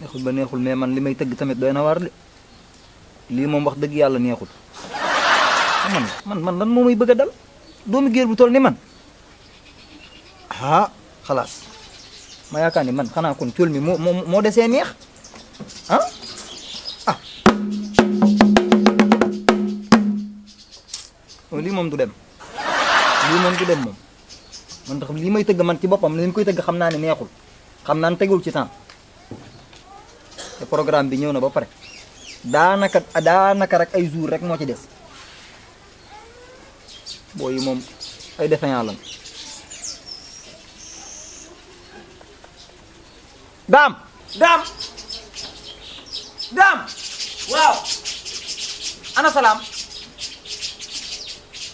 neexul ba neexul mais man li may tëgg tamit doy na waar de lii moom wax dëgg yàlla neexul man man man lan moo may bëgg a dal doomu géer bu tol ni man ah xalaas ma yaakaar ni man xanaa kon cóol mi moo moo moo desee neex ah ah moom du dem lii moom du dem moom man tax lii may tëgg man ci boppam leen koy tëgg xam naa ne neexul xam naa ne tegul ci temps programme bi ñëw na ba pare daanaka daanaka rek ay jour rek moo ci des booy yi moom ay défaillant lañ daam daam daam waaw ana salaam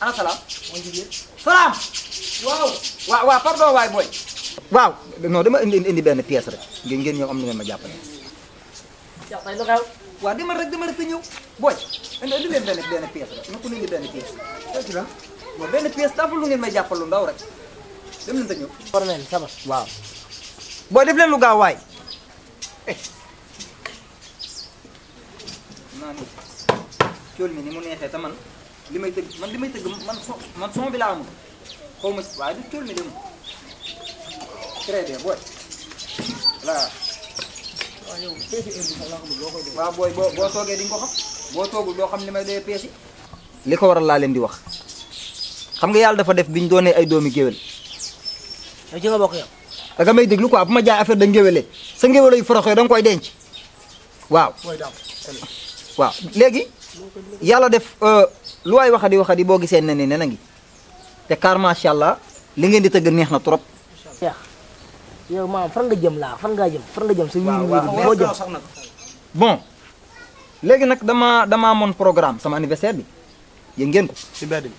ana salaam salaam waaw waaw waaw pardon waay booy waaw non dama indi indi benn pièce rek ngeen ngeen ñëw am na ngeen ma jàppale yow tey lu xew. waaw demal rek demal rek te ñëw booy indi leen benn benn pièce rek na ko indi benn pièce. dëgg la moom benn pièce tàmbali ngeen may jàppal lu ndaw rek dem leen te ñëw. formel sama waaw. booy def leen lu gaaw waay. maanaam cool mi ni mu neexee te man li may tëgg man li may tëgg man son man son ma waaye du cool mi de moom très bien waaw yow peese heure bi sax laa xamul loo xam boo may doyee peese. li ko waral laa leen di wax xam nga yàlla dafa def bi ñu doonee ay doomi géwél. yow ci nga bokk yow. da nga may déglu quoi bu ma jaay affaire da ngéwélee sa ngéwélee yu foroxee da nga koy denc waaw. waaw léegi yàlla def euh, lu waay waxadi waxadi boo gisee ne ne ne na te car macha allah li ngeen di tëgg neex na trop. yow maam fan nga jëm fan nga jëm fan bon léegi nak dama dama mon programme sama anniversaire bi yéen ngeen ko si mbedd bi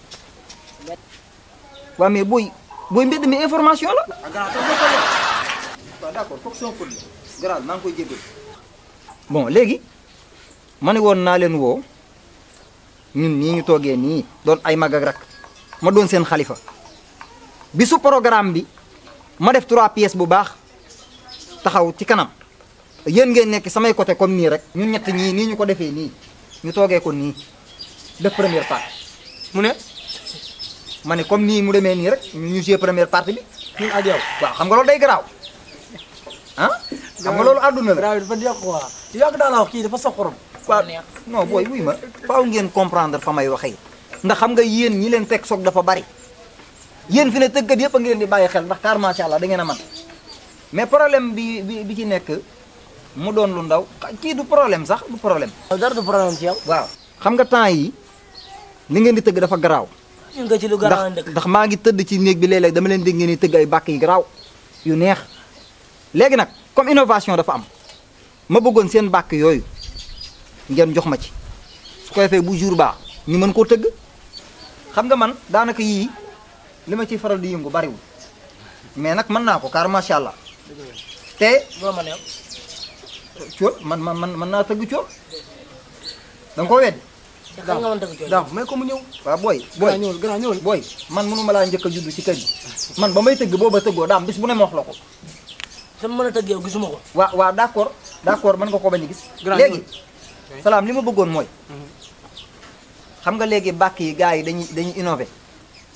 waaw mais booy booy mbedd mi information la d'accord koy bon léegi ñun ñu ay rak bisu programme bi ma def 3 pièces bu baax taxaw ci kanam yeen ngeen nek samay côté comme ni rek ñun ñet ñi ni ñu ko defee ni ñu togué ko ni def première partie mu ne mané comme ni mu démé ni rek ñu ñu jouer première partie bi ñun a yow wa xam nga loolu day graw ah xam nga loolu aduna la garaaw dafa wax quoi yag da la wax ki dafa soxorom waaw non boy wuy ma faaw ngeen comprendre fa may waxee ndax xam nga yeen ñi leen tek sok dafa bari yeen fi ne tëggat yëpp a ngi leen di baye xel ndax ma sha allah da ngeen amat mais problème bi bi ci nek mu doon lu ndaw ki du problème sax du problème. dar du problème ci yow. waaw xam nga temps yi li ngeen di teug dafa graw nga ci lu graw ndax ndax ma ngi teud ci néeg bi léeg dama leen deg ngeen di teug ay bakki graw yu neex legi nak comme innovation dafa am ma bëggoon seen bakki yoy ngeen jox ma ci su ko fay bu jour ba ñu mën ko teug xam nga man daanaka yi lima ci faral di yëngu wu mais nak man nako car ma sha allah té do mën yow cool man man man na teug mën dang ko wéd da nga koo teug daaw daaw may ko mu ñew wa boy boy ñëwul ñool a ñëwul booy man mënu laa njëkk a juddu ci kër man ba may tëgg booba tëggoo daam bis bu ne ma wax la sama mëna teug yow gisuma ko wa waaw d'accord d'accord man nga ko bañ gis légui salam li bëggoon moy xam mhm. nga légui bakki gaay dañuy dañuy innover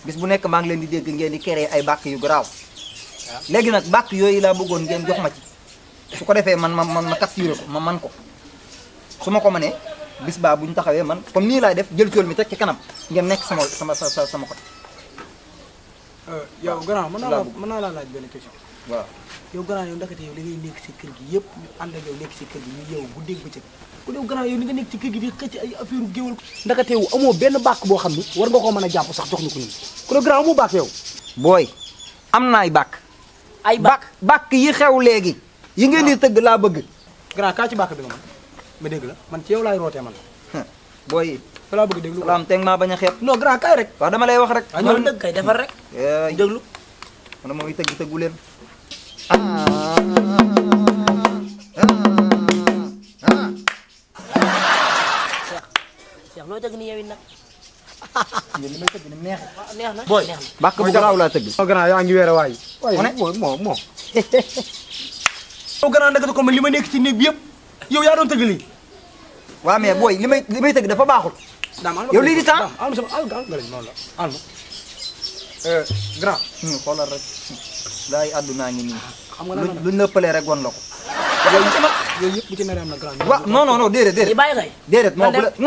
bis bu nekk maa ngi leen di dégg ngeen di créer ay bàkk yu garaaw léegi nag bàkk yooyu laa bëggoon ngeen jox ma ci su ko defee man ma man ma capturer ko ma man ko su ma ko mënee bis baa bu ñu taxawee man kon nii laay def jël cool mi teg ci kanam ngeen nekk sama sama sa sama côté. Euh, yow grand mën naa la mën naa laa laaj benn question. waaw yow grand yow ndakate yow da ngay nekk si kër gi yëpp ñu ànd ak yow nekk si kër gi yow yeewu bu dégg bëccëg. ku new grand yow ni nga nekk ci kër gi di xëcc ay affaire géwal ndakateewu amoo benn bàkk boo xam ni war nga koo mën a jàpp sax jox ñu ko ñun ku new grand amoo bàkk yow booy am na ay bàkk ay bàkk bàkk yi xew léegi yi ngeen di ah. tëgg laa bëgg grand kaa ci bàkk bi nga ma dégg la man ci yow laay rootee man booy fa laa bëgg déglu salaam teg maa a xeeb non grand kaay rek wax dama lay wax rek ah, ñoo dëgg kay defar rek eh, déglu man mooy tëgg tëggu leen ah. yow loo tëgg ni yow it nag. yéen li neex na booy bàkk bu garaaw laa tëgg. moo gannaaw yaa ngi weere waay. waaye moo moo moo. yow gannaaw nag ko man li ma nekk ci néeg bi yëpp yow yaa doon tëgg lii. waaw mais booy li may li may tëgg dafa baaxul. yow lii di temps alma sama alma noonu euh, hmm, xoolal rek. Hmm. àddunaa ngi nii. xam nga luñ la pëlee rek wan yooyu yëpp bu ci mereem na grand waaw non non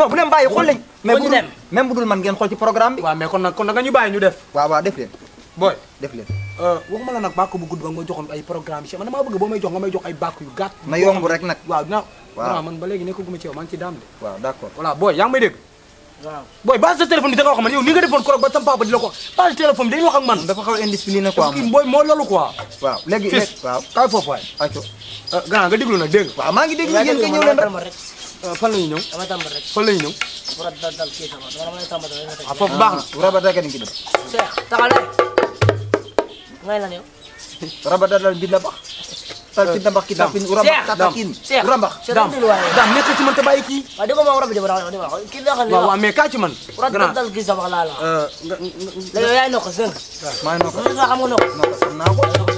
non man ngeen xool ci programme bi waaw mais kon nag kon nag nga ñu bàyyi ñu def waaw waaw def leen booy def leen euh, waxuma la nag bàkk bu gudd ba nga joxoon ay programme yi man damaa bëgg boo may jox nga may jox ay bàkk yu gàtt na yomb rek nag waaw dinaa waaw man ba léegi nekkaguma ci yow maa ngi ci waaw booy base de téléphone bi da nga wax man ni nga defoon korog ba sama papa di la ko base de téléphone bi dañuy wax ak man. dafa xaw a indiscipliné quoi euh, nga déglu nag maa ngi déglu yéen nga ñëw leen euh, fan la ñuy ñëw. dama tàmbal rek fan la ñuy ñëw. waaw ah, foofu baax na. Ah. rabata kenn ki dem. Cheikh taxal ngay lan yow. rabata dal bi la talkin dambax ki dafin urambax tatakin urambax dam dam nekk ci man te bàyyi kii waaw dégg nga moom rabbi jabar kii da xam waaw mais kaa ci man grand talkin sama la la euh la yow yaay nokk sëng maa nokk nga xam nga nokk nokk xam naa ko toog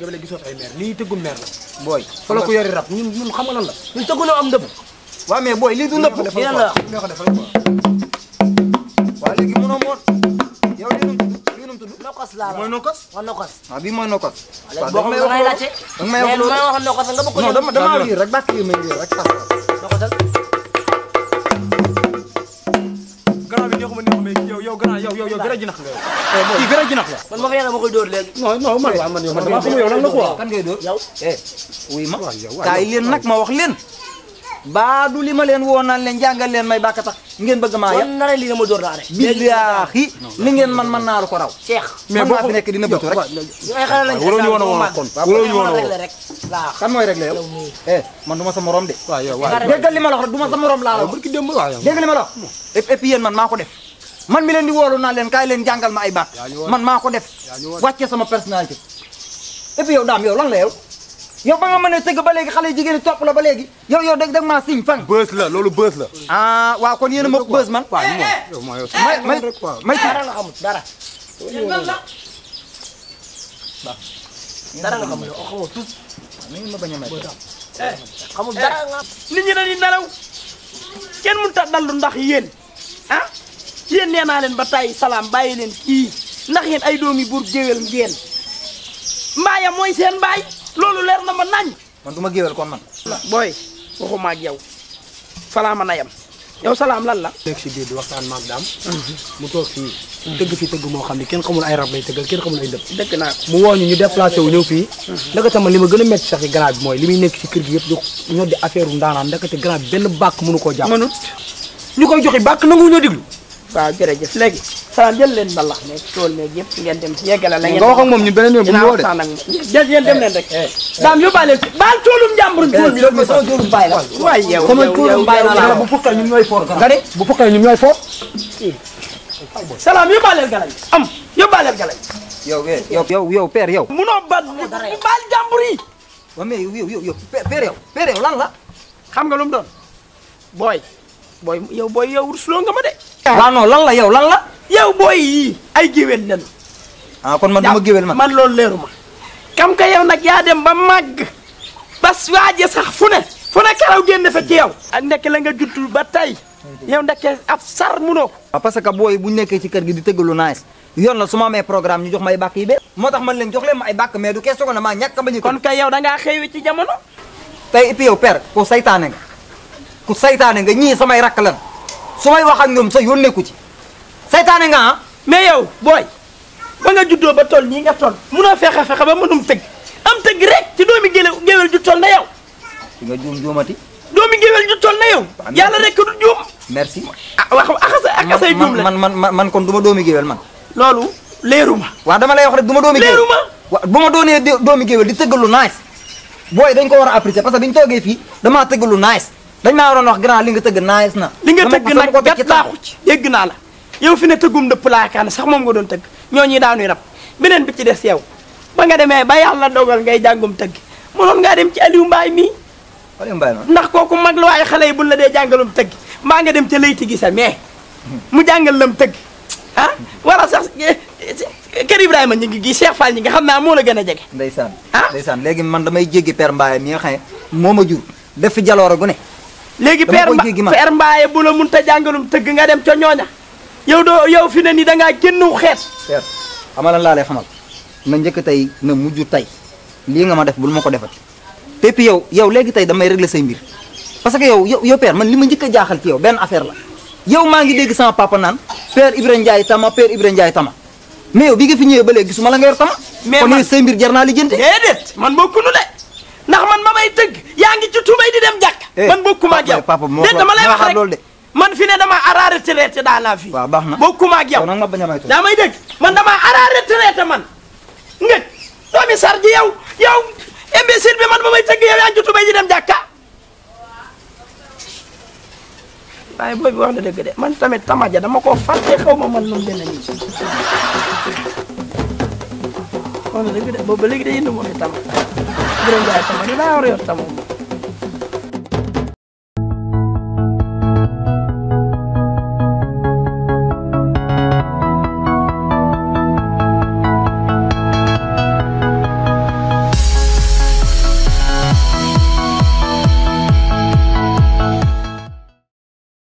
ba léegi gisoo ay maire lii tëggu maire la booy fa la ko yori rab ñun ñun xam nga lan la ñun tëggu loo am ndëpp waaw mais booy lii du ndëpp moom moo yow lii nu lii nu mu tudd. nokos laa la mooy nokos. waaw nokos. waaw ah, bii mooy nokos. waaw boo xam ne da ngay laajte. da nga may wax loolu mais wax nokos nga bëgg ko. non dama dama lii rek bàq yi may lii rek papa. nokosal. gannaaw bi neexuma neexuma mais yow yow gannaaw yow yow yow gën a jinax nga yow. Eh, kii gën a jinax la. man ma fa yàlla ma koy dóor léegi. non non man waaw man yow man damaa xamul yow lan la quoi. kan ngay dóor eh, yow. eh wuy ma. waaw yow waaw kaay leen nag ma wax leen. ba du lima len woo naan leen jàngal leen may bakata ngeen bëgg ma ya nare li dama ma door laa rek li ngeen man man naa ko raw cheikh mais bo fi nek dina bëtu rek ay xala lañu wala ñu woon woon kon wala ñu woon rek laa kan mooy réglé yow eh man duma sa morom de wa yow wa deggal li ma la wax du sa morom la la barki wax déggal li ma la wax et et yeen man mako def man mi len di wolu nan len kay len jangal ma ay bak man mako def wacce sama personnalité et puis yow dam yow lan la yow yow ba nga mën a sëgg ba léegi xale jigéen ñi topp la ba léegi yow yow dëgg dëgg maa siñ fan. bës ah wah kau yéen a ma bës man. waaw yow mooy yow may darah lah kamu, darah. Darah lah kamu. Oh, tuh. Ini mau banyak waaw Eh, kamu ma eh, bañ a may. xamul dara nit ñi dañuy ndax yéen ah yéen nee naa leen ba tàyyi salaam bàyyi leen kii ndax yéen ay doomi buur géwél ngeen mbaayam mooy seen mbaay. loolu leer na ma nañ. man du ma géwél kon man. booy waxuma ak yow salaama na yam yow salaam lan la. nekk si biir di waxtaan maam daam. Mhm. mu toog fii. fi tëgg moo xam ne kenn xamul ay rab lay tëggal kenn xamul ay dëpp. dëgg mu woo ñu ñu déplacé wu ñëw fii. Mhm. ndaka tam li ma gën a métti sax si gannaaw bi mooy li muy nekk ci kër gi yëpp di ñor di affaire ru ndaanaan ndakate gannaaw benn bàkk mënu koo jàpp. mënut ñu koy joxe bàkk nangu ñoo diglu. waaw jërëjëf léegi salaam jël leen mbalax meeg tool meeg yëpp ngeen dem yeggale la ngeen. nga moom ñu beneen yoon bu dem leen rek. Eh, eh. daam yóbbaale baal toolum jàmbur bu fukkee ñun ñooy for. nga de bu salaam yóbbaaleel galañ am yóbbaaleel galañ. yow eh, yow yo yow père yow. munoo baal baal jàmbur yi. waaw mais yow yow yow père yow père yow lan la. xam nga lu mu doon. booy yow booy yow rusloo ma de. waaw ah, non lan la yow lan la. yow boy yi ay gewel lañu ah kon man dama gewel man man lol leeruma kam ka yow nak ya dem ba mag bas waaje sax fune fune karaw génn fa ci yow ak ah, nek la nga juddul ba tay yow ndekkee ab sar muno ah, parce que boy bu nek ci kër gi di tëggalu nice yon la suma ma programme ñu jox may yi man leen jox leen may mais du kesso ko na ma ñak ba ñi kon kay yow da nga xewi ci jamono tay ipi yow per ko saytane nga ku saytaane nga ñi samay rakk lan su wax ak ñom sa ci saytaane nga ah. mais yow booy ba nga juddoo ba toll nii nga mu munoo fexe fexe ba mënum tëgg am tëgg rek ci doomi géwél géwél ju toll na yow. di nga juum juumati. doomi géwél ju toll na yow. yàlla rek du juum. merci ah wax ak man man man man kon du ma doomi géwél man. loolu leeru waa dama la wax rek du ma doomi géwél ma. waaw bu ma doonee doomi géwél di tëggal lu nice booy dañ ko war a apprécier parce que bi ñu toogee fii damaa tëggal lu nice dañ maa waroon wax grand li nga tëgg nice na. li nga tëgg nag gàtt laa xucc dégg naa la yow fi ne tëggum dëpp laakaan sax moom nga doon tëgg ñooñu daanuy rab beneen bi ci des yow ba nga demee ba yàlla dogal ngay jàngum tëgg mënoon ngaa dem ci Aliou Mbaye mii. Aliou Mbaye ndax kooku mag la waaye xale yi buñ la dee jàngalum tëgg mbaa nga dem ca layti gi sa mais mu jàngal lam tëgg ah wala sax eh, kër Ibrahima ñu gi gii Cheikh Fall ñi nga xam naa moo la gën a jege. ndeysaan ah ndeysaan léegi man damay jéggi Père Mbaye mi nga xam ne moo ma jur def fi jaloore gu ne léegi Père Mbaye bu la mun ta jàngalum tëgg nga dem ca ñooña yow do yow fi ne ni da nga gennu xet xet xamal lan laa lay xamal na njëkk tay na muju tay li nga ma def bu ma ko defati pépp yow yow léegi tay damay régler say mbir parce que yow yow père man lima ma jaaxal ci yow ben affaire la yow ma ngi dégg sama papa nan père ibrahim Ndiaye tama père ibrahim Ndiaye tama mais yow bi nga fi ñëwee ba léegi gisuma la nga yor tama. kon man say mbir jarna li lijjanti. déedéet man bokkunu de ndax man mamay may tëgg ngi ci tubay di dem jàkk. Eh, man bokkuma ak yow papa dama lay wax rek man fi ne dama araare ci da na fi wa baxna na bokkuma ak yow. kon ma bañ may daa may dégg man dama ara retraité man. nga doomi sar yow yow imbécile bi man bamay tegg yow ya yaa ngi di dem jakka bay boy bi wax na deug de man tamit tamaja dama ko faté ko mo man lum dina on deug de bo ba léegi de yëndu mo tam. gërëm jaay tama dinaa war yor tam